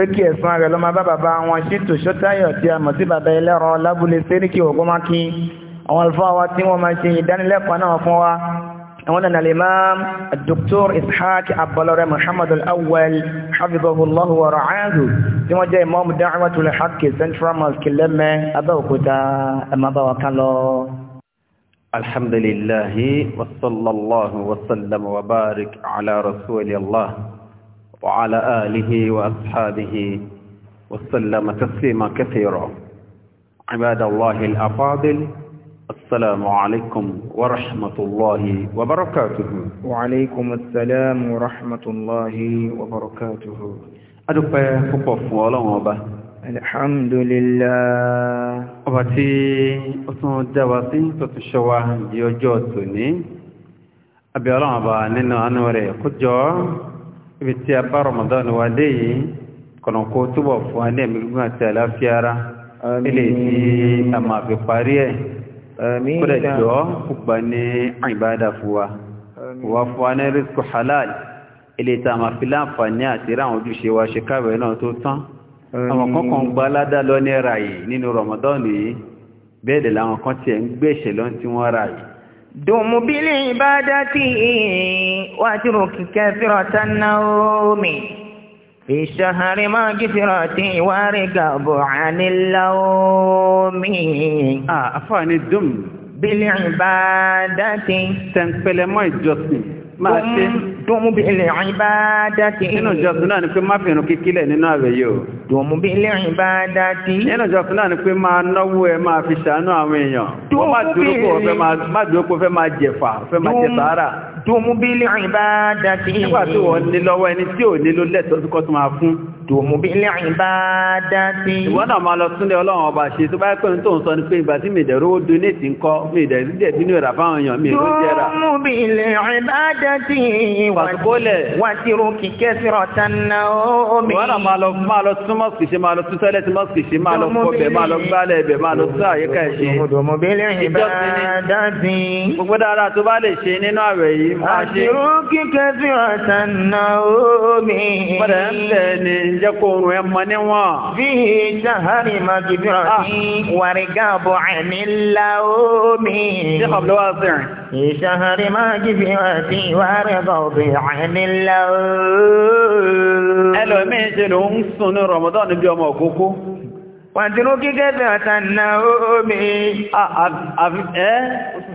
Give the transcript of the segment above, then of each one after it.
pé kí ẹ̀sùn rẹ̀ ló máa bá bàbá wọn ṣètò ṣótáyọ̀ tí a mọ̀ sí bàbá ẹlẹ́rọ lábúlé séríkì ògbómákí àwọn alfáà wa tí wọ́n máa ṣe ìdánilẹ́kọ̀ọ́ náà fún wa àwọn náà al-imam dr ishaq abbalore muhammad al-awwal hafizahullahu wa ra'ahu tí wọ́n jẹ́ imam da'watul haqq central mosque alhamdulillahi wa sallallahu wa sallam wa barik ala rasulillah. وعلى آله وأصحابه وسلم تسليما كثيرا عباد الله الأفاضل السلام عليكم ورحمة الله وبركاته وعليكم السلام ورحمة الله وبركاته أدوبة فقف ولوبة الحمد لله أبتي أتون الدواسي تتشوى يوجوتني أبي الله أبا ننو أنوري قد ibi tí a bá Ramadan wa dé yìí kọ̀nàkó túbọ̀ fún alẹ́ mi gbọ́n àti àlàáfíà ara ilé tí a máa fi parí ẹ̀ kúrẹ̀ jọ gbà ní ìbádà fún wa wà fún wa ní halal ilé tí a máa fi láǹfààní àti ráwọn ojúṣe wa ṣe káwẹ̀ náà tó tán àwọn kọ́kàn gba aládá lọ ní ra yìí nínú Ramadan yìí bẹ́ẹ̀ dẹ̀ làwọn kan tiẹ̀ ń gbé ìṣẹ̀lọ́ tí wọ́n ra yìí دم بالعبادة واترك كثرة النوم في الشهر ما كثرتي وارقب عن اللوم آه أفاني دم بالعبادة تنقل ما يجوزني ما dùnmú bí ilẹ̀ ọ̀yìn bá dá ti. nínú ìjọsìn náà ni pé má fìrún kíkílẹ̀ nínú àwẹ̀ yìí o. dùnmú bí ilẹ̀ ọ̀yìn nínú ìjọsìn náà ni pé máa náwó ẹ máa fi ṣàánú àwọn èèyàn. dùnmú bí ilẹ̀ má dúró pé fẹ́ máa jẹ̀fà fẹ́ máa jẹ sàárà. dùnmú bí ilẹ̀ ọ̀yìn bá dá ti. nígbà tí wọ́n ní lọ́wọ́ ẹni tí ò ní ló lẹ́tọ̀ọ́ dùnmù bí ilé ìbáadá tí. ìwọ́n náà máa lọ súnlẹ̀ ọlọ́run ọba ṣe tó bá yẹ pé ń tó ń sọ ni pé ìgbà tí mi ìdẹ̀rú ó dun ní ìtìǹkọ́ mi ìdẹ̀rú dẹ̀ bínú ìrà fáwọn èèyàn mi ìlú jẹ́ra. dùnmù bí ilé ìbáadá tí. pàṣípólẹ̀. wà á ti ru kíkẹ́ sí ọ̀tán náà ó kíkẹ́ sí ọ̀tán náà ó mi. mọ̀rẹ̀ ń bẹ̀ ni jẹ́ kó oòrùn ẹ mọ níwọ̀n. bí jahari magidura ah. ní wàrígà bọ̀ àmì ńlá omi. ṣé ọ̀bùdó wá sí rìn. ìṣahari magidura ní wàrígà bọ̀ àmì ńlá omi. ẹlòmíín ṣe ló ń sùn ní rọmọdọ́ níbi ọmọ òkókó. wàdúró kíkẹ́ bẹ̀rẹ̀ tán náà omi. Ah,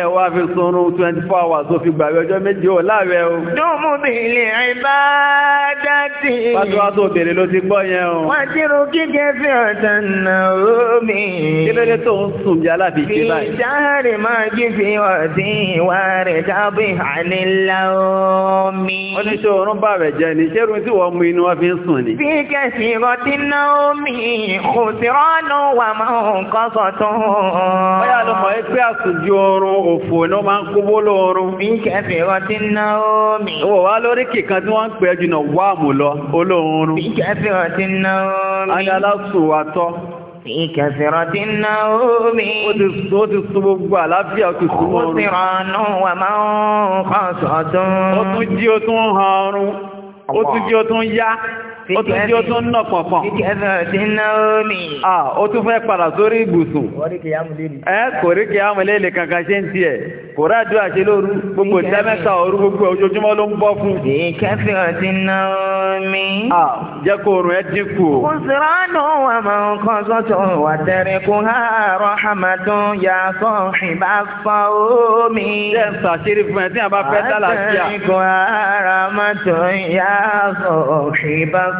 ẹ̀ wá fi sunrun 24 hours ó fi gbàwẹ̀ ọjọ́ méjì ó láàwẹ̀ o. dùnmù mi lè rìn bá dátì. pátúwá tó bèrè ló ti gbọ́ yẹn o. wọ́n ti rú kíkẹ́ fi ọ̀tàn náà omi. kí ló tó ń sùn bí aláàbí ṣe báyìí. fi sáré máa jí fi ọ̀sìn ìwà rẹ̀ tábí ànílá omi. ó ní ṣe òórùn bàwẹ̀ jẹ́ ni ṣé irun tí wọ́n mú inú wọn fi ń sùn ni. bí kẹ̀sì rọtí òfò ní ó máa ń kó bóló oorun. bí ná omi. ó wà lórí kìkan tí wọ́n ń pè é wáàmù lọ olóorun. bí kẹfì ọtí ná omi. ayé aláṣù àtọ. bí kẹfì ọtí ná omi. ó ti sún gbogbo àlàáfíà ó ti sún oorun. ó ti rànú wà máa ń kọ́ sọ̀tún. ó tún jí ó tún hàn ọrùn ó tún jí ó tún yá ó tún tí ó tún nà pọ̀pọ̀n ó tún fẹ́ padà sórí ìbùsùn ẹ́ kò rí kí ámúlélè kankan ṣe ń ti ẹ̀ kò rájú àṣẹ lóru gbogbo ìtẹ́mẹ́ta òru gbogbo ojoojúmọ́ ló ń bọ́ fún jẹ́ kó oorun ẹ dínkù kò síránù àmà nǹkan sọ́tọ̀ wà tẹ̀rẹ̀ kó ìbá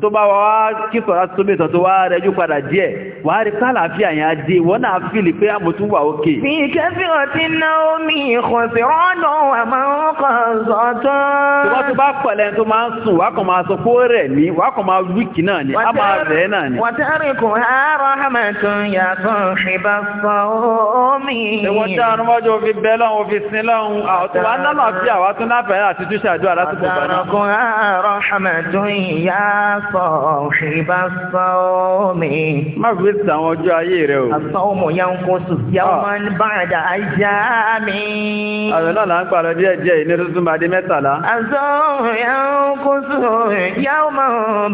tó bá wá kí sọ̀rá tó mẹ́tọ̀ tó wá rẹjú padà díẹ̀ wà á rí kálàáfíà yẹn á dé wọ́n náà fìlì pé a mọ̀ tún wà òkè. fi kẹfìrọ̀ tí Naomi kò sí rọ́nà àmọ́ kan sọ́tọ́. tí wọ́n tó bá pẹ̀lẹ́ tó máa ń sùn wàá kàn máa sọ pé ó rẹ̀ mí wàá kàn máa wíkì náà ni a máa rẹ̀ náà ni. wàtẹ́rì kò há rọ́hàmà tó yàtọ̀ ìbá sọ omi. ìwọ̀n tí àwọn ọmọdé òfin bẹ́ẹ̀ lọ́wọ́ òfin sin lọ́hùn àwọn tó wá ń lọ́nà àti àwọn tó náà fẹ́ràn àti túṣàdúrà lásìkò bá náà. wàtẹ́rì kò há rọ́hàmà tó yàtọ̀ صاحب الصوم má fi sí àwọn ọjọ́ ayé rẹ̀ o. الصوم ينقص يوما بعد أيام. àwẹ̀ náà là ń pàrọ̀ díẹ̀ díẹ̀ ní tuntun máa di mẹ́tàlá. الصوم ينقص يوما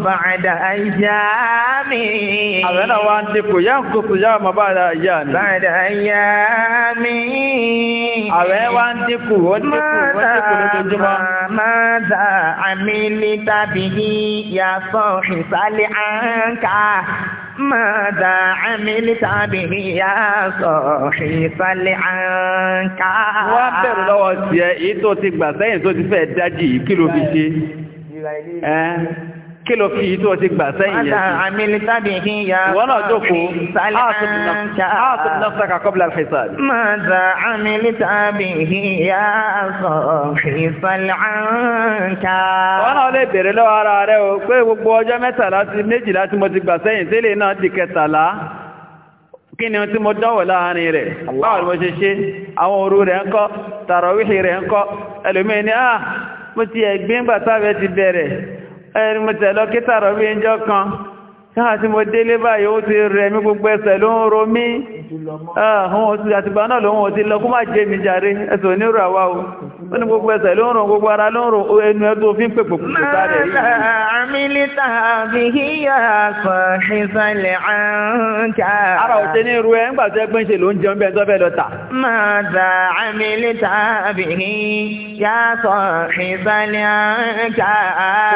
بعد أيام. àwẹ̀ náà wá ń dínkù wá ń dínkù ó dínkù ó dínkù lójoojúmọ́ mọ́dà àmìlí tàbí yíyá sọ ìsàlẹ̀ àǹkà mọ́dà àmìlí tàbí yíyá sọ ìsàlẹ̀ àǹkà. wọ́n á bẹ̀rù lọ́wọ́ tiẹ̀ èyí tó ti gbà sẹ́yìn tó kí ló fi tó ti gbà sẹ́yìn yẹn. àmì tábì kí ya. ìwọ náà jókòó áàtùn náà sàkà kọ́bílà fẹ̀sàd. màdà àmì tábì kí ya sọ fìsàlànkà. ìwọ náà lè bèrè lọ́wọ́ ara rẹ o pé gbogbo ọjọ́ mẹ́tàlá sí méjìlá tí mo ti gbà sẹ́yìn tẹ́lẹ̀ náà di kẹtàlá kí ni tí mo dánwò láàrin rẹ̀ báwọn ni mo ṣe ṣe àwọn òru rẹ̀ ń kọ́ tàràwíhì rẹ̀ ń kọ́ ẹlòmíì ni ah, ẹni mo tẹ̀lọ kítàrọ̀ bí ẹjọ́ kan káà tí mo délé báyìí ó ti rẹ̀ mí gbogbo ẹsẹ̀ ló ń ro mí ọ̀hún ah, àtìgbà náà lòun ò ti lọ kó má jẹ́ mi jàre ẹsẹ̀ onírò àwá ó ní gbogbo ẹsẹ̀ ló gbogbo ara ló ń rùn ẹnu ẹ tó fi ń pèpè kùkù sáré yìí. mọ́tà àmìlítà àbíhíyà sọ̀hìnsálẹ̀ àǹkà. ara ò ṣe ní irú ẹ ńgbà tó ẹ ń ṣe ló ń jẹun bẹ́ẹ̀ tó bẹ́ẹ̀ lọ tà. mọ́tà àmìlítà àbíhíyà sọ̀hìnsálẹ̀ àǹkà.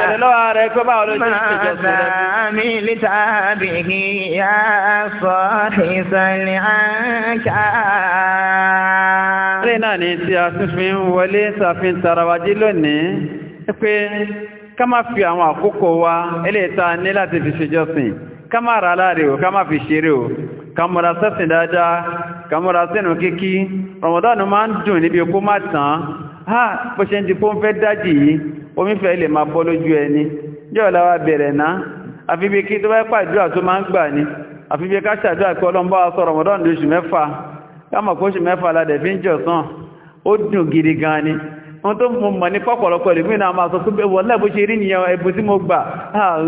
bẹ̀rẹ̀ lọ́wọ́ rẹ pé báwo ló ti ń ṣèjọ sílẹ̀. mọ́tà àmìlítà àbíhíyà sọ̀hìnsálẹ̀ àǹkà àárín náà ní tí a tún fi ń wọlé tàfin tarawají lónìí pé ká má fi àwọn àkókò wa eléta ní láti fi ṣèjọsìn ká má rà láàrẹ o ká má fi ṣeré o ká sẹ́sìn dáadáa ká sínú kíkí Ramadan máa ń dùn níbi kó má tán ha bó ṣe ń di pó ń fẹ́ dájì yìí omi fẹ́ lè máa bọ́ lójú ẹni jẹ́ ọ̀la wa bẹ̀rẹ̀ náà àfi bí kí tó bá pàdúrà tó máa ń gbà ni àfi ká ṣàdúrà pé ọlọ́mbà wa sọ Ramadan lóṣù mẹ́fà káàmà kó ṣe mẹ́fà aládẹ̀ fi ń jọ sán ó dùn gidi gan ni wọ́n tó mọ̀ mọ̀ ní pọ̀pọ̀lọpọ̀ ìlú mìíràn máa sọ pé wọ́n lẹ́bù ṣe rí nìyàn ẹ̀bù tí mo gbà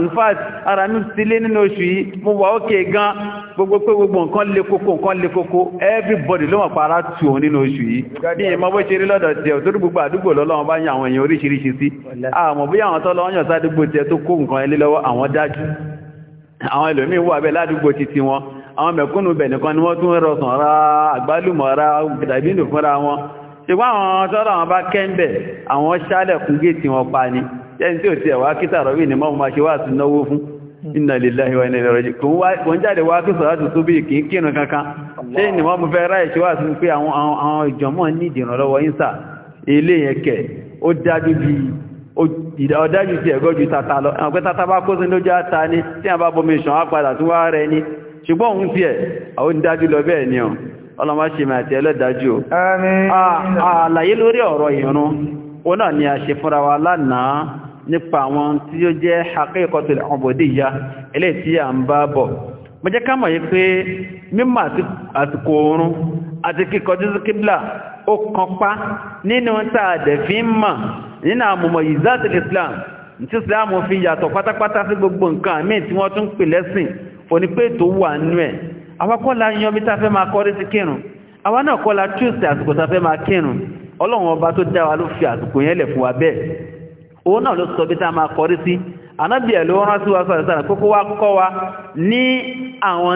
in fact ara mi ti lé nínú oṣù yìí mo wà ókè gan gbogbo pé gbogbo nǹkan le koko nǹkan le koko everybody ló wọ̀n para tù òun nínú oṣù yìí bí ìmọ̀ bó ṣe rí lọ́dọ̀ tiẹ̀ tó rí gbogbo àdúgbò lọ́lọ́wọ́n bá yan àwọn èèyàn oríṣiríṣi sí àmọ́ bí àwọn tọ́lọ́ wọn yàn sádúgbò tiẹ̀ tó kó nǹkan ẹlé lọ́wọ́ àwọn dájú àwọn ẹlòmíín wà bẹ́ẹ̀ ládùúgbò titi wọn àwọn mẹ̀kúnnù bẹ̀ nìkan ni wọ́n tún rọ̀sàn ra àgbálùmọ̀ ra dàbínù fúnra wọn ṣùgbọ́n àwọn tọ́rọ àwọn bá kẹ́ńbẹ̀ àwọn ṣálẹ̀kún gẹ̀ẹ́tì wọn pa ni yẹn tí ò ti ẹ̀wà kíta rọ̀bì ni mọ́mọ́ ṣe wà sí náwó fún inna lillahi wa inna ilaihi raji'un kò ń jáde wá kí sọ̀rọ̀ tuntun bí kì í kírun ni wọ́n mú fẹ́ ráì ṣe wà sí pé àwọn ìjọmọ́ ní ìdìrànlọ́wọ́ yín sà ilé yẹn kẹ̀ ó dájú bí ṣùgbọ́n òun tí ẹ̀ àwọn ìdájú lọ bẹ́ẹ̀ ni ọ ọlọ́mọ ṣe máa tẹ́ ẹlẹ́dájú àlàyé lórí ọ̀rọ̀ ìrún ó náà ni a ṣe fúnra wa lánàá nípa àwọn tí ó jẹ́ haqiqatul ubudiyya ilé tí a ń bá bọ̀ mo jẹ́ ká mọ̀ oorun àti kíkọjú sí kíblà ó kọpá nínú fi gbogbo fòní pé ètò wà nú ẹ̀ àwakọ́lá yan bí tafẹ́ máa kọ́ sí kírun àwa náà kọ́lá tíùsì àsìkò tafẹ́ máa kírun ọlọ́run ọba tó dá wa ló fi àsìkò yẹn lẹ̀ fún wa bẹ́ẹ̀ òun náà ló sọ bí tá a máa kọrí sí ànábì ẹ̀ ló rán sí wa sọ̀rọ̀ sọ̀rọ̀ wa kọ́ wa ní àwọn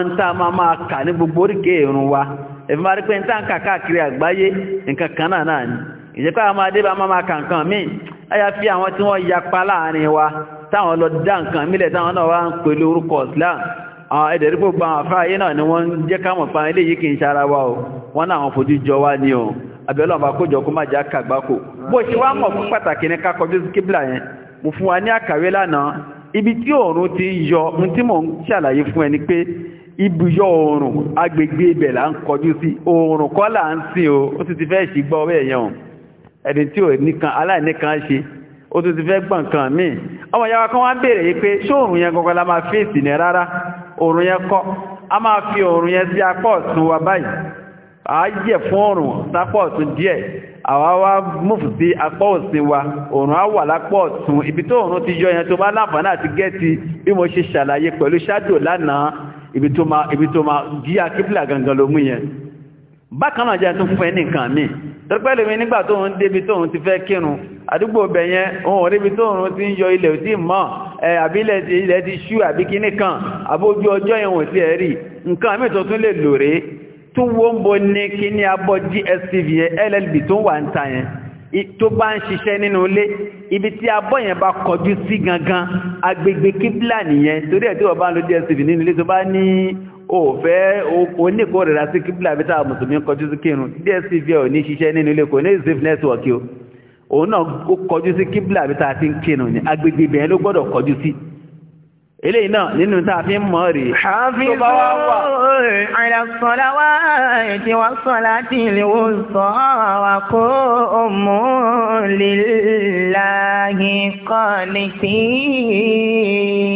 ń táwọn lọ dá nǹkan mílẹ̀ táwọn náà wá ń pèlú orúkọ Islam àwọn ẹ̀dẹ̀rí gbogbo àwọn àfáà náà ni wọ́n ń jẹ́ káwọn pa ilé yìí kì í ṣara wa o wọ́n náà wọ́n fojú jọ wá ní o abẹ́lọ́ bá kójọ kó má jẹ́ àkàgbákò bó ṣe wá mọ̀ fún pàtàkì ní kákọjú sí kíbla yẹn mo fún wa ní àkàwé lánàá ibi tí oòrùn ti ń yọ ohun tí mò ń ṣàlàyé fún ẹ ni pé ibùyọ oòrùn agbègbè ibẹ̀ là ń kọjú sí oòrùn kọ́ là ń sìn o ó sì ti fẹ́ ṣì gbọ́ bẹ́ẹ̀ yẹn ẹni tí ò nìkan aláìníkan ṣe ó tún ti fẹ́ gbọ̀n kan míì ọmọ ìyá wa kan wá ń béèrè yìí pé ṣóòrùn yẹn gangan la máa fèsì ní rárá òrùn yẹn kọ́ a máa fi òrùn yẹn sí apá wa báyìí a yẹ̀ fún òrùn sápá díẹ̀ àwa wá múfù sí wa òrùn á wà lápá ibi tó ti yọ yẹn tó bá láǹfààní àti gẹ́ẹ̀tì bí mo ṣe ṣàlàyé pẹ̀lú ṣáàdò lánàá ibi tó ma ibi tó yẹn bákan náà jẹ́ fún àbí ilẹ̀ ti ṣú àbí kíní kan àbójú ọjọ́ ìwọ̀n sí ẹ̀rí nǹkan àmì tó tún lè lò rèé tó wó ń bo ní kíní abọ́ DSTV LLB tó wà ń ta yẹn tó bá ń ṣiṣẹ́ nínú ilé ibi tí abọ́ yẹn bá kọjú sí gangan agbègbè kíbla nìyẹn torí ẹ̀ tí wọ́n bá ń lo DSTV nínú ilé tó bá ní òfẹ́ oníkó rẹ̀ rà sí kíbla bí táwọn mùsùlùmí kọjú sí kírun DSTV ò ní ṣiṣẹ́ nínú ilé kò ní zip network o òun náà ó kọjú sí kíbla àbí tá a ti ń kírun ní agbègbè ibẹ̀ ló gbọ́dọ̀ kọjú sí eléyìí náà nínú tá fi ń mọ̀ rèé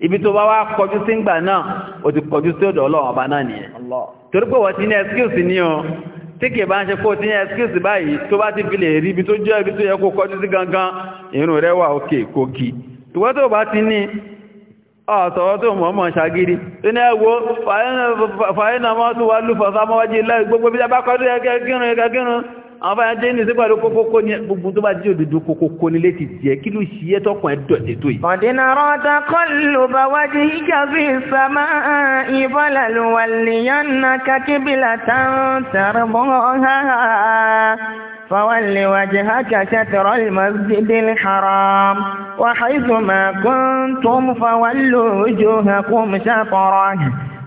ibi tó bá wá kọjú sí ìgbà náà o ti kọjú sí ọ̀dọ̀ ọlọ́run ọba náà nìyẹn torí pé wọ́n ti ní excuse ní o tí kìí bá ń ṣe kó ti ní excuse báyìí tó bá ti fi lè rí ibi tó jẹ́ ibi tó yẹ kó kọjú sí gangan irun rẹ̀ wà òkè kò kì tùwọ́ tó bá ti ní ọ̀sọ̀rọ̀ tó mọ̀ mọ̀ ṣàgírí tó ní ẹwọ́ fàyínà mọ́ tó wà lúfọ̀ sámọ́wájí lẹ́ gbogbo bí àwọn fáyà jẹ́ ní sí pẹ̀lú kókókó ní gbogbo tó bá jí òdòdó kókókó ní létí jẹ́ kí ló ṣí tọ́kùn ẹ̀dọ̀ ètò yìí. ọ̀dínà rọ́ta kọlù bá wájú ìjà fi sàmà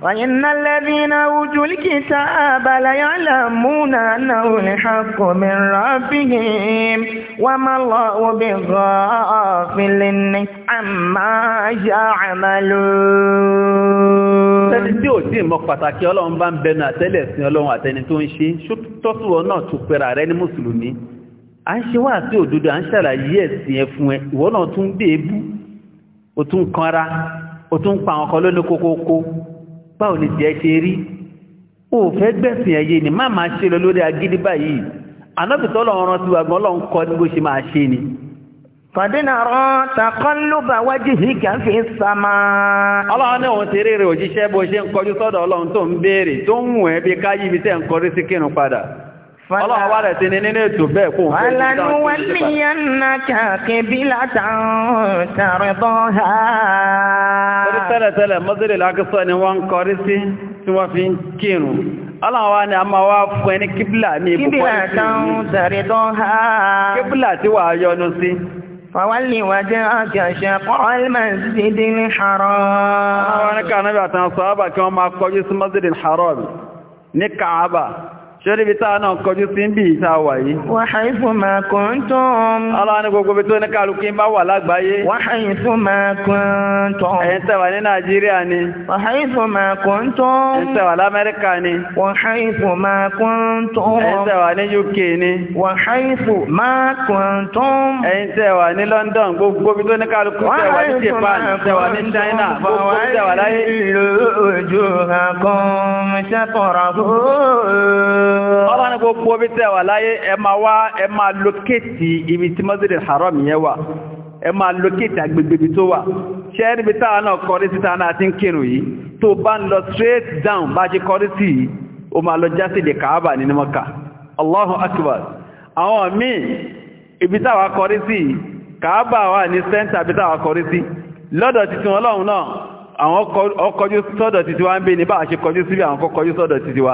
وإن الذين أوتوا الكتاب ليعلمون أنه الحق من ربهم وما الله بغافل عما يعملون. Sẹ́ni tí ò tí ì mọ pàtàkì Ọlọ́run bá ń bẹnu àtẹ́lẹ̀ sí Ọlọ́run àtẹni tó ń ṣe, tọ́sùwọ́ náà tún pera rẹ ní Mùsùlùmí. À ń ṣe wá sí òdodo, à ń ṣàlàyé ẹ̀sìn ẹ̀ fún ẹ, ìwọ náà tún dé ebú, ó tún kanra, ó tún pa àwọn kan lónìí kókókó. báwo ni tiẹ̀ ṣe rí o gbẹ̀sìn ẹ̀yẹ ni ma máa ṣe lọ lórí agidi báyìí anábìtọ́ lọ́wọ́ rántí wa gan ọlọ́run kọ́ ní bó ṣe máa ṣe ni. wájú sàmà. ọlọ́run ní òun ti rí rẹ̀ òjíṣẹ́ bó ṣe ń kọjú sọ́dọ̀ ọlọ́run tó ń béèrè tó ń wù ẹ́ bí ibi ọlọ́run wá rẹ̀ sí ni nínú ètò bẹ́ẹ̀ kó fẹ́ ìlú táwọn ti ṣe pàdé. tẹ́lẹ̀tẹ́lẹ̀ mọ́sílẹ̀ lákìsọ́ ni wọ́n ń kọrí sí tí wọ́n fi ń kírun ọlọ́run wá ní a máa wá fún ẹni kíbílà ní ibùkọ́ kíbílà tí wà á yọnu sí fàwálì wàjẹ́ ní haram. àwọn ẹni kànáà bí àtàwọn kí wọ́n máa kọjú sí mọ́sílẹ̀ haram ní kàábà ṣoríbi táà náà kọjú sí ń bí ìta wà yìí. wàháyí fún ma kuntum. aláwọ̀ ní gbogbo bí tó ní kálukú bá wà lágbàáyé. wàháyí fún ma kuntum. ẹ̀yin tẹ̀wà ní nàìjíríà ni. wàháyí fún ma kuntum. ẹ̀yin tẹ̀wà lamẹ́ríkà ni. wàháyí fún ma kuntum. ẹ̀yin tẹ̀wà ní UK ni. wàháyí fún ma kuntum. ẹ̀yin tẹ̀wà ní London gbogbo bí tó ní kálukú tẹ̀wà ní Japan tẹ̀wà ní China gbogbo tẹ̀wà láyé. wàháyí fún ma ọlọ́run ní gbogbo bí tẹ́ wà láyé ẹ máa wá ẹ máa lókètì ibi tí mọ́sílẹ̀ haram yẹn wà ẹ máa lókètì agbègbè ibi tó wà ṣe é níbi náà kọrí síta náà ti ń kírun yìí tó bá ń lọ straight down bá ṣe kọrí sí yìí ó máa lọ já sí ilẹ̀ kàábà nínú mọ́kà Allahu akbar àwọn míì ibi táwa kọrí sí yìí kàábà wà ní sẹ́ńtà ibi táwa kọrí sí lọ́dọ̀ titun ọlọ́run náà àwọn ọkọjú sọ́dọ̀ titiwa ń bẹ ní bá a ṣe kọjú síbi àwọn kọkọjú sọ́dọ̀ titiwa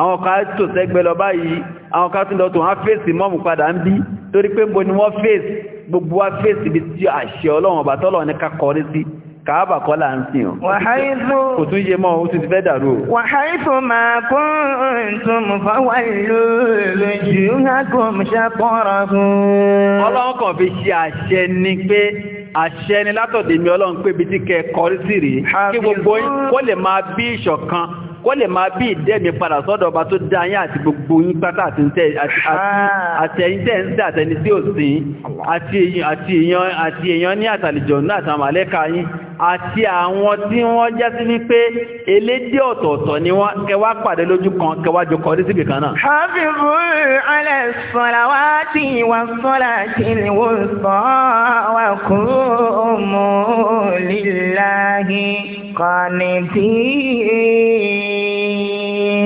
àwọn kan tò sẹ́gbẹ́ lọ báyìí àwọn kan tún lọ tó wọ́n fèsì mọ́mù padà ń bí torí pé mbò ni wọ́n fèsì gbogbo wá fèsì bí tí àṣẹ ọlọ́run àṣẹ ni pé àṣẹ ọlọ́run pé bí tí kẹ kọrí sí rèé kí gbogbo kó lè máa bí ìṣọ̀kan kó lè máa bí ìdẹ́mi padà sọ́dọ̀ ọba tó dá yín àti gbogbo yín pátá àti àtẹ̀yìn tẹ́ àti èèyàn ní àtàlìjọ náà àti àmàlẹ́ka àti àwọn tí wọ́n jẹ́ sí wípé elédé ọ̀tọ̀ọ̀tọ̀ ni wọ́n kẹwà pàdé lójú kan kẹwà jọ kọrí síbì kan náà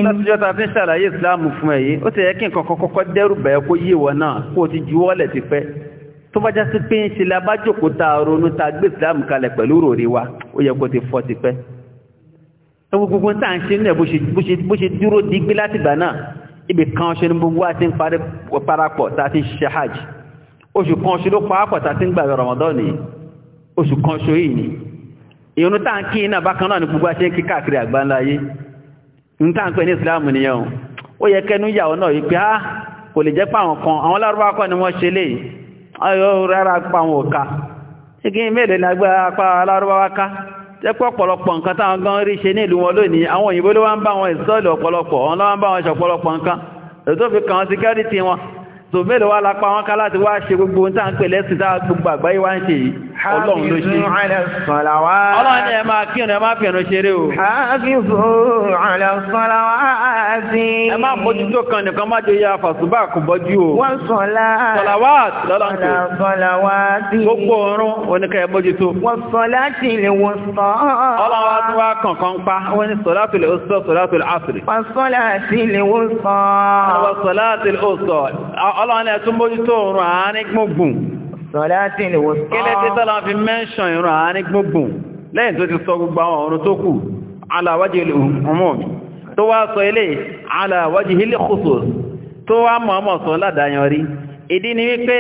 látijọ́ ta fi ń ṣàlàyé ìsìláàmù fún ẹ̀yí ó ti yẹ kí nǹkan kọ́kọ́ dẹ́rù bẹ̀ẹ́ kó yíwọ náà kó ti juwọ́lẹ̀ ti pẹ́ tó bá já pé ń ṣe lábájòkó ta ronú ta gbé ìsìláàmù kalẹ̀ pẹ̀lú ròrí wa ó yẹ kó ti fọ́ ti pẹ́ gbogbo tá à ń ṣe náà bó ṣe dúró digbí látìgbà náà ibì kan ṣe ní gbogbo àti ń parapọ̀ tá a ti ń ṣe hajj oṣù kan ṣe ló parapọ̀ tá a ti ń gbàgbé Ramadan nìyí oṣù kan ṣe yìí ni ìrun tá à ń kí iná bákan náà ní gbogbo àti ń kí káàkiri àgbáńlá yìí nǹkan pẹ̀ ní ìsìláàmù nìyẹn ó yẹ kẹnu yàwó náà wípé á ah, kò lè jẹ́ pé àwọn kan àwọn lárúbáwá kọ́ ni wọ́n ṣe lè ayọ́ rárá pa àwọn òka igi mélòó lágbára apá lárúbáwá ká jẹ́ pé ọ̀pọ̀lọpọ̀ nǹkan táwọn gan rí ṣe ní ìlú wọn lónìí àwọn òyìnbó ló wá ń bá wọn ìsọ́ọ̀lù ọ̀pọ̀lọpọ̀ wọn ló wá ń bá wọn ṣọ̀pọ̀lọpọ̀ nǹkan ètò fi kàn án síkẹ́rìtì wọn tò wá lápá wọn ká láti wá ṣe gbogbo ohun táà ń pè lẹ́sìn táà gbogbo àgbáyé wá ń ṣe yìí ọlọ́run ló ṣe ọlọ́run ni ẹ máa kí ọ̀nà ẹ máa fẹ̀ràn ṣeré o ẹ máa mójútó kan nìkan má jẹ́ ya fàṣùbà kò bọ́jú o sọ̀làwàtì lọ́lọ́run gbogbo ọ̀run oníkẹ́ mójútó ọlọ́run tó wá kankan pa wọ́n ní sọ̀látò lè ó sọ sọ̀látò lè áfìrì ọlọ́run ẹ̀ tún mójútó ọ̀run àárín gbùngbùn sọ̀láàtì ni wọ́n sọ́. kí lè ti tọ́lá fi mẹ́ṣàn ìrun àárín gbogbo lẹ́yìn tó ti sọ gbogbo àwọn ọ̀run tó kù aláwájì ọmọ mi tó wá sọ ilé aláwájì ilé kòsò tó wá mọ̀ọ́mọ̀ sọ ládàáyan rí ìdí ni wípé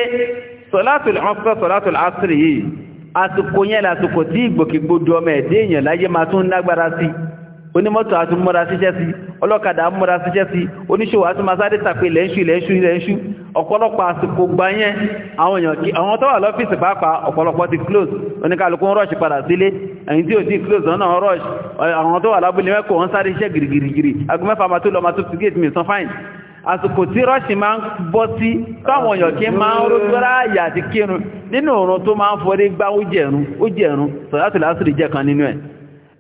sọ̀láàtì ọ̀sọ̀ ọlọ́kadà múra síṣẹ́ sí oníṣòwò àti masáré tàpé lẹ́ṣù lẹ́ṣù lẹ́ṣù ọ̀pọ̀lọpọ̀ àsìkò gbà yẹn àwọn èèyàn kí àwọn tó wà lọ́fíìsì pàápàá ọ̀pọ̀lọpọ̀ ti close oníkàlùkù ń rush padà sílé ẹ̀yìn tí ò tí close ọ̀nà rush àwọn tó wà lábúlé mẹ́kọ̀ wọ́n sáré iṣẹ́ gìrìgìrì aago mẹ́fà máa tó lọ máa tó fi gate mi san fine àsìkò tí rush máa ń bọ́ sí táwọn èèyàn máa ń rúgbọ́rá àyà àti kírun nínú òrùn tó máa ń forí gbá ó jẹ̀rún ó jẹ̀rún sọ̀rọ̀ àtìlásìrì jẹ́ kan nínú ẹ̀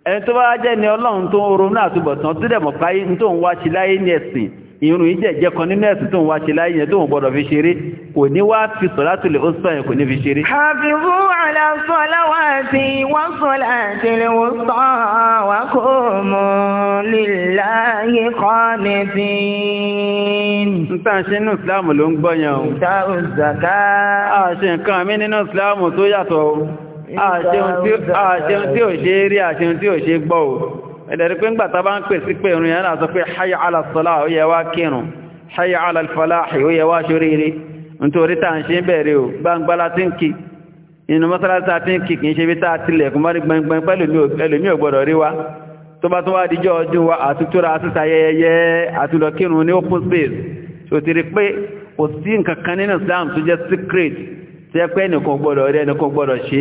ẹni tó bá jẹ́ ni ọlọ́run tó ń ronú àtúbọ̀tán tó dẹ̀ mọ̀ páyé tó ń wá sí láyé ní ẹ̀sìn ìrun ìjẹ̀jẹ́ kan nínú ẹ̀sìn tó ń wá sí láyé yẹn tó ń gbọ́dọ̀ fi ṣeré kò ní wá fi sọ̀látùl wúsà yẹn kò ní fi ṣeré. hafizu ìsìláàmù ló ń gbọ́ yẹn ìsìláàmù tó yàtọ̀ àṣeun ah, tí ò ah, ṣe rí àṣeun ah, tí ò ṣe gbọ́ o ẹ̀dẹ̀rí pé ń gbàtà bá ń pè sí pé ìrìn yánà sọ pé hayya ala salah ó yẹ wá kírun hayya ala falah ó yẹ wá ṣoríire nítorí tà ń ṣe ń bẹ̀rẹ̀ o gbangbala tí ń kí inú mọ́sálásá tí ń kí kì í ṣe bí ẹnìkan gbọ́dọ̀ rí ẹnìkan gbọ́dọ̀ ṣe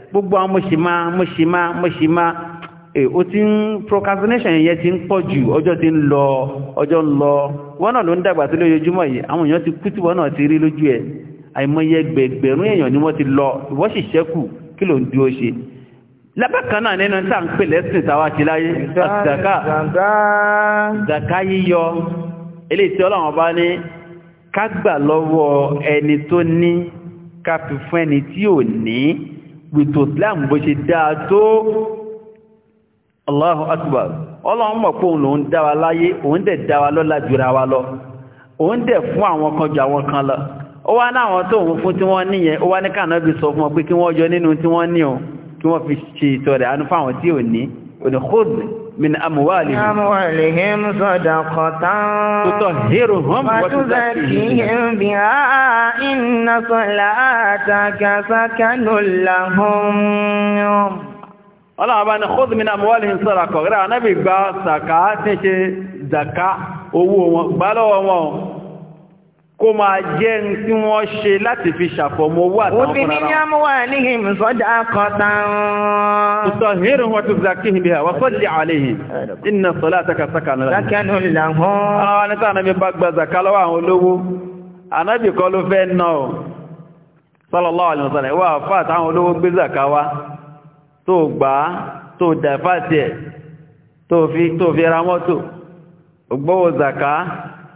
gbogbo àwọn mọ̀ṣìmá mọ̀ṣìmá mọ̀ṣìmá ó ti ń procrastination yẹn ti ń pọ̀ jù ọjọ́ ti ń lọ ọjọ́ ń lọ wọ́n náà ló ń dàgbà sí lójoojúmọ́ yìí àwọn èèyàn ti kú tí wọ́n náà ti rí lójú ẹ̀ àìmọye gbẹ̀gbẹ̀rún èèyàn ni wọ́n ti lọ ìwọ́n sì ṣẹ́kù kí ló ń dúró ṣe lábàkan náà nínú tá à ń pè lẹ́sìn tàwa ti láyé zaka zaka yíyọ eléyìí tí ọlọ́run bá ní ká gbà lọ́wọ́ ẹni tó ní ká fi fún ẹni tí ò ní gbètò islam bó ṣe dáa tó Allahu akbar ọlọ́run mọ̀ pé òun lòun dá wa láyé òun dẹ̀ dá wa lọ́lá jura wa lọ òun dẹ̀ fún àwọn kan ju àwọn kan lọ ó wá láwọn tó òun fún tí wọ́n níyẹn ó wá ní kànáàbì sọ fún ọ pé kí wọ́n yọ nínú tí wọ́n ní o kí wọ́n fi ṣe ìtọrẹ àánú من أموالهم amuwaali him sọdọ kọtan. tutọ hero hom watuza kihim biha inna salataka sakanun lahum. ọlọ́run bá ní khudh min amuwaali him sọdọ kọ̀ọ̀rẹ́ anábì gba sàkà tí ṣe zaka owó wọn gbálọ́wọ́ wọn kó máa jẹ́ ń tí wọ́n ṣe láti fi ṣàfọ̀mọ́ owó àtàwọn fúnra wọn. obìnrin ní àmúwà ní ìmùsọ́dá kọtàn. tutọ hìrì wọn tó zaki hìbí àwọn sọ́dí àlehìn iná sọ́lá àtàkàtàkà náà. sákẹ́nu làwọn. gbà á tó dàfà tiẹ̀ tó fi ra mọ́tò ògbówó zaka.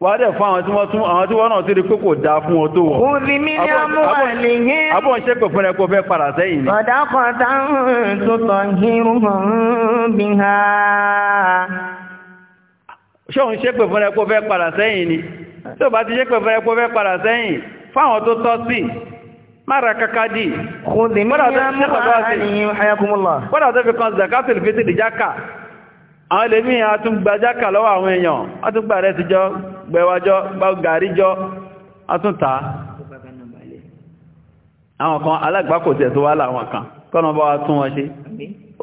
wà dẹ̀ fún àwọn tí wọ́n tún àwọn tí wọ́n náà ti rí pé kò dáa fún ọ tó wọ̀. òbí mi ní àmú àlèyé. àbọ̀ ṣe pè fún kó fẹ́ padà sẹ́yìn ni. ọ̀dàkọ̀dà tó tọ̀ hírun bí ha. ṣóun ṣe pè fún kó fẹ́ padà sẹ́yìn ni tó bá ti ṣe pè fún kó fẹ́ padà sẹ́yìn fáwọn tó tọ́ sí mara kakadi. kò dì mí ní àmú àlèyé hayakumullah. kódà tó fi kan zakatul fitr jáka àwọn ilé bí a tún lọ́wọ́ àwọn èèyàn a tún gbà rẹ̀ síjọ́ gbẹwàjọ́ gbàríjọ́ a tún tàá àwọn kan alágbàkò tẹ̀ tó wà láwọn kan kọ́nà bá wa tún wọn ṣe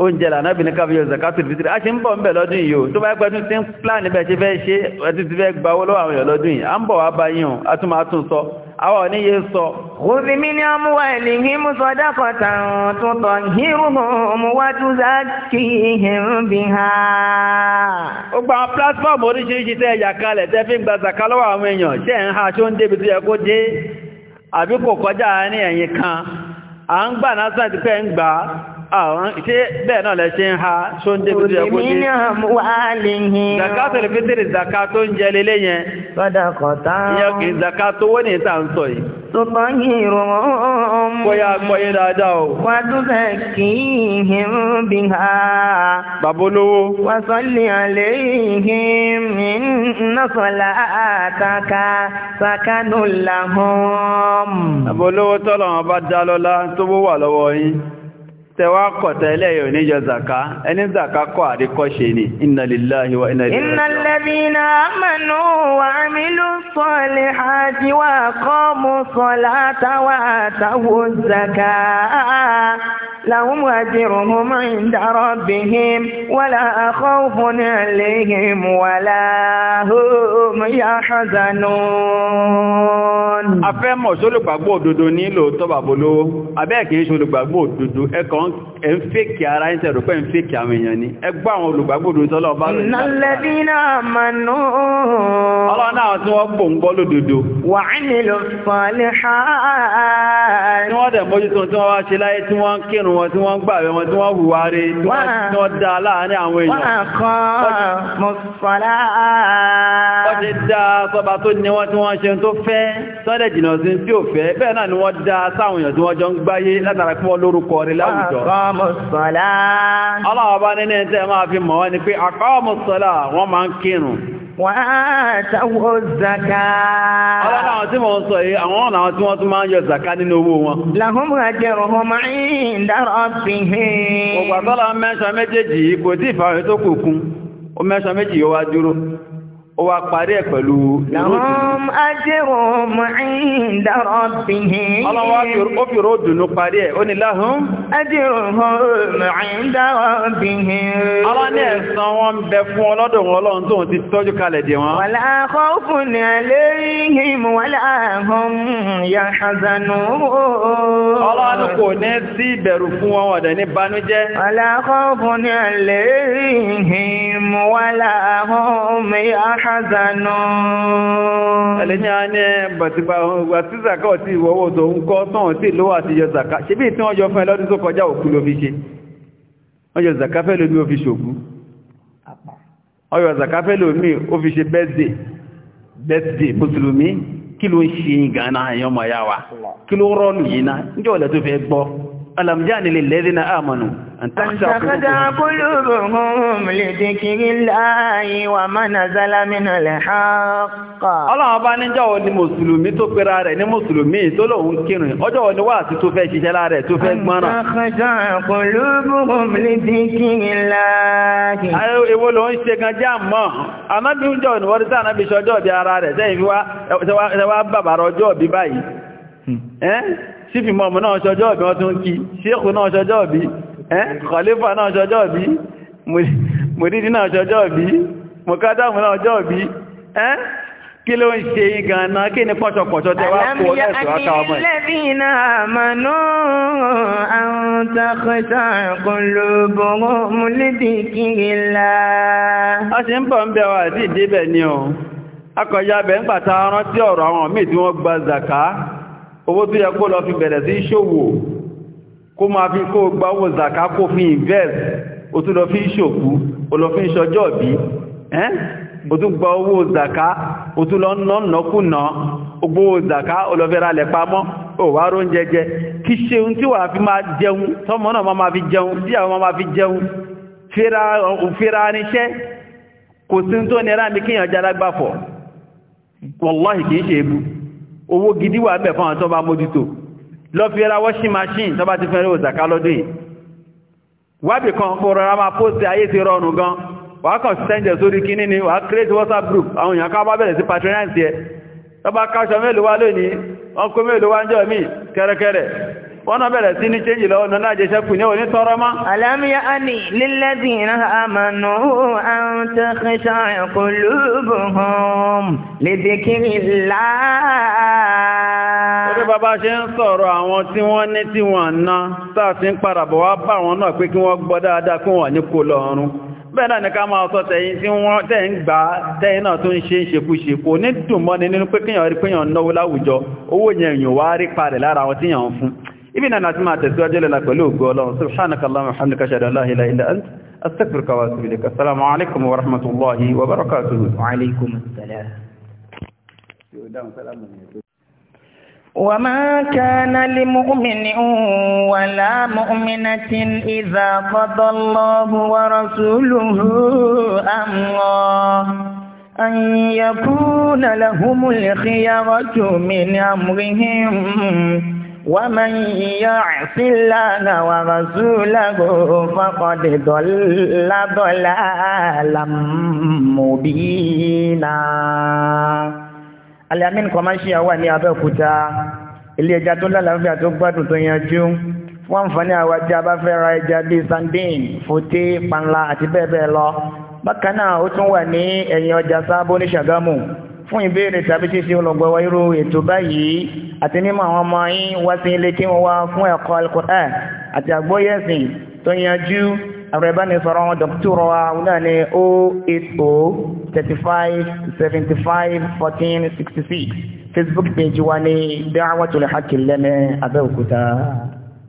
oúnjẹ lànà bí ní káfíyọ̀ a ṣe ń bọ̀ ń bẹ̀ lọ́dún yìí o tó bá pẹ́ tún tí ń plan níbẹ̀ ṣe fẹ́ ṣe ẹtí ti fẹ́ gba owó lọ́wọ́ àwọn èèyàn lọ́dún yìí a ń bọ̀ wá bá o sọ òbí mi ọmú wa ní mùsọ̀dá ha. ó gba oríṣiríṣi tẹ́ ẹ̀yà kalẹ̀ tẹ́ fi ń gba zaka lọ́wọ́ àwọn èèyàn ń ha ṣó àwọn tí bẹ́ẹ̀ náà lẹ́ṣẹ́ ń ha ṣó ń débi tó ẹkùn ní zakato lè fítìrì zakato ń jẹ lélé yẹn sọ́dọ̀kọ̀tà yẹ kì í zakato wọ́n ní ìta ń sọ yìí tó bá yìí rọ̀ ọ́n bóyá gbọ́yé dáadáa o wà dúbẹ̀ kì í hìm bí ha bàbá olówó wà sọ́lì àlẹ́ ìhìm nọ́sọ̀lá àtàkà sàkánù làhùn. bàbá olówó tọ́lọ̀ wọn bá dá lọ́lá tó bó wà lọ́wọ́ yín tẹwa kọ̀tẹ̀ ilẹ̀ yóò ní yọ zaka ẹni zaka kọ́ àríkọ́ṣe ni inna lillahi wa inna ilaihi innal ladhina amanu wa amilu salihati wa qamu salata wa atawu zaka لهم أجرهم عند ربهم ولا خوف عليهم ولا هم يحزنون afẹ́ mọ̀ ṣé olùgbàgbọ́ òdodo ní lóòótọ́ bàbá olówó abẹ́ kìí ṣe olùgbàgbọ́ òdodo ẹ̀kọ́ ẹ̀ ń fèkì ara ń sẹ̀rọ̀ pé ń fèkì àwọn èèyàn ni ẹgbọ́ àwọn olùgbàgbọ́ òdodo tọ́lọ́ bá rẹ̀ nàlẹ́bínà mànú ọlọ́nà àwọn tí wọ́n gbọ́ ń gbọ́ lódodo wà nílò sọ̀lẹ̀ ṣáà ni wọ́n dẹ̀ mójútó tí wọ́n wá ṣe láyé tí wọ́n kírun wọn tí wọ́n gbàwẹ̀ wọn tí wọ́n hùwà rí tí wọ́n dá láàárín àwọn èèyàn. Wọ́n kọ́ mọ̀sọ̀lá. Wọ́n ti dá sọba tó ní wọ́n tí wọ́n ṣe tó fẹ́, tọ́lẹ̀ jìnà sí tí ò fẹ́, bẹ́ẹ̀ náà ni wọ́n dá sáwọn èèyàn tí wọ́n jọ ń gbáyé látara pé wọ́n lórúkọ rí láwùjọ. Àkọ́ mọ̀sọ̀lá. Ọlọ́run wàátàwò zaka. ọlọ́nà àwọn tí wọ́n sọ yìí àwọn ọ̀nà àwọn tí wọ́n tún máa ń yọ zaka nínú owó wọn. làhùn àjẹ ọ̀hún máa ń dárọ̀ sí i. ògbà tọ́lá mẹ́sàn-án méjèèjì kò tí ì fàwọn kún mẹ́sàn-án ó wá parí ẹ̀ pẹ̀lú ìròdùn. ajẹ́rùn mọ̀ín dárọ̀ bí i. ọlọ́wọ́ ó fi ròdùnú parí ẹ̀ ó dárọ̀ bí i. ọlọ́ni ẹ̀san wọn fún wọn ọlọ́run khawfun alayhim wàlá hum yahzanun. ọlọ́run ní sí ìbẹ̀rù fún ní banújẹ́. wàlá khawfun alayhim wàlá hum yahzanun hazanu. ẹlẹ́ni a ní bàtìgbà ọgbà tí zaka ọtí ìwọ́wọ́ tó ń kọ́ tán ọtí lówó àti yọ zaka ṣe bí tí wọ́n yọ fún ẹ lọ́dún tó kọjá òkú ló fi ṣe wọ́n yọ zaka fẹ́ lómi ó fi ṣògùn wọ́n yọ zaka fẹ́ lómi ó fi ṣe bẹ́ẹ̀dẹ̀ bẹ́ẹ̀dẹ̀ mùsùlùmí kí ló ń ṣe gánà ẹ̀yọ́mọ̀ yá wa kí ló rọ́ọ̀lù yìí ná níjọ́ ọ̀lẹ́ tó fẹ́ gbọ́ ألم جان للذين آمنوا أن تخشع قلوبهم لذكر الله وما نزل من الحق الله ọba níjọ́ wo ni mùsùlùmí tó pera rẹ̀ ní mùsùlùmí tó lòun kírun ọjọ́ wo ni wà sí tó fẹ́ ṣiṣẹ́ láàrẹ̀ tó fẹ́ gbọ́nà. àkàjọ قلوبهم لذكر الله. ayé ewo ló ń ṣe gan jẹ́ àmọ́ anábì ń jọ ìwọ́n tí anábì ṣọjọ́ bí ara rẹ̀ sẹ́yìn fi wá bàbàrà ọjọ́ bí báyìí. sífì mọ́mù náà ṣọjọ́ ọ̀bí wọ́n tún kí ṣéèkù náà ṣọjọ́ ọ̀bí kọlífà náà ṣọjọ́ ọ̀bí mùdídí náà ṣọjọ́ ọ̀bí mùkádàmù náà ṣọjọ́ ọ̀bí kí ló ń ṣe yín kí ni a o akọ̀yà bẹ̀ ń ọ̀rọ̀ àwọn owó tó yẹ kó lọ fi bẹ̀rẹ̀ sí ṣòwò kó máa fi kó gba owó zaka kó fi invest o tún lọ fi ṣòkú o lọ fi ṣọjọ́ bí ẹ́n o tún gba owó zaka o tún lọ ná nàkúnà ogbó zaka o lọ fẹ́ ra lẹ̀ pamọ́ o wá ró ń jẹjẹ kí ṣeun tí wà fi máa jẹun tọmọ náà máa fi jẹun tí àwọn máa fi jẹun fẹ́ra níṣẹ́ kò sí tó nira mi kíyàn jálágbàfọ̀ wọ́láhì kìí ṣe ebú owó gidi wà bẹ̀ fún àwọn tó bá mójútó lọ fi ra washing machine tó bá ti fẹ́rẹ́ òzàká lọ́dún yìí wábì kan kó rọra máa post ayé ti rọrùn gan wà kàn sẹ́ńjẹ̀ sórí kíní ni wà create whatsapp group àwọn èèyàn ká bá bẹ̀rẹ̀ sí patronize yẹ tó bá káṣọ mélòó wá lónìí ọkọ mélòó wá ń jọ míì kẹ́rẹ́kẹ́rẹ́ wọ́n náà bẹ̀rẹ̀ sí ní ṣéjì lọ́wọ́ náà jẹ́ ṣẹ́kù ní òní tọrọ mọ́. alam ya'ni lilladhina amanu an takhsha'a qulubuhum li dhikrillah. orí bàbá ṣe ń sọ̀rọ̀ àwọn tí wọ́n ní tí wọ́n ná sáàfin parabọ̀ wá bá àwọn náà pé kí wọ́n gbọ́ dáadáa kí wọ́n ní kó lọ́rùn bẹ́ẹ̀ náà ni ká máa sọ tẹ̀yìn tí wọ́n tẹ̀ ń gbà tẹ́yìn náà tó ń ṣe ṣekúṣe kò ní dùn mọ́ni nínú pé kíyàn rí pé yàn náwó láwùjọ owó yẹn yàn wá rí parẹ̀ lára àwọn tí ń fún ibi náà láti máa tẹ̀síwájú lẹ́la pẹ̀lú ògo ọlọ́run subhanakallahumma wa hamdika ashhadu an la ilaha illa anta astaghfiruka wa atubu ilaik assalamu alaikum wa rahmatullahi wa barakatuh wa alaikum assalam وما كان لمؤمن ولا مؤمنة إذا قضى الله ورسوله أمرا أن يكون لهم الخيرة من أمرهم ومن يعص الله ورسوله فقد ضل ضلالا مبينا Al-Amin commercial wà ní Abẹ́òkúta ilé ẹja tó lálàáfíà tó gbádùn tó yanjú wọ́n ń fọ́ní àwọn ajá bá fẹ́ ra ẹja bíi sandin fòté panla àti bẹ́ẹ̀ bẹ́ẹ̀ lọ bákan náà ó tún wà ní ẹ̀yìn ọjà sábó ní Ṣàgámù fún ìbéèrè tàbí ṣíṣe olùgbọ̀wọ́ irú ètò báyìí àti mímọ̀ àwọn ọmọ yín wá sí ilé kí wọ́n wá fún ẹ̀kọ́ al àti àgbóyẹ̀sìn tó yanjú àwọn ìbánisọ̀rọ̀ wa náà ní 080 35 75 Facebook page wa ní Da'watul Haqq lẹ́mẹ́ Abẹ́òkúta.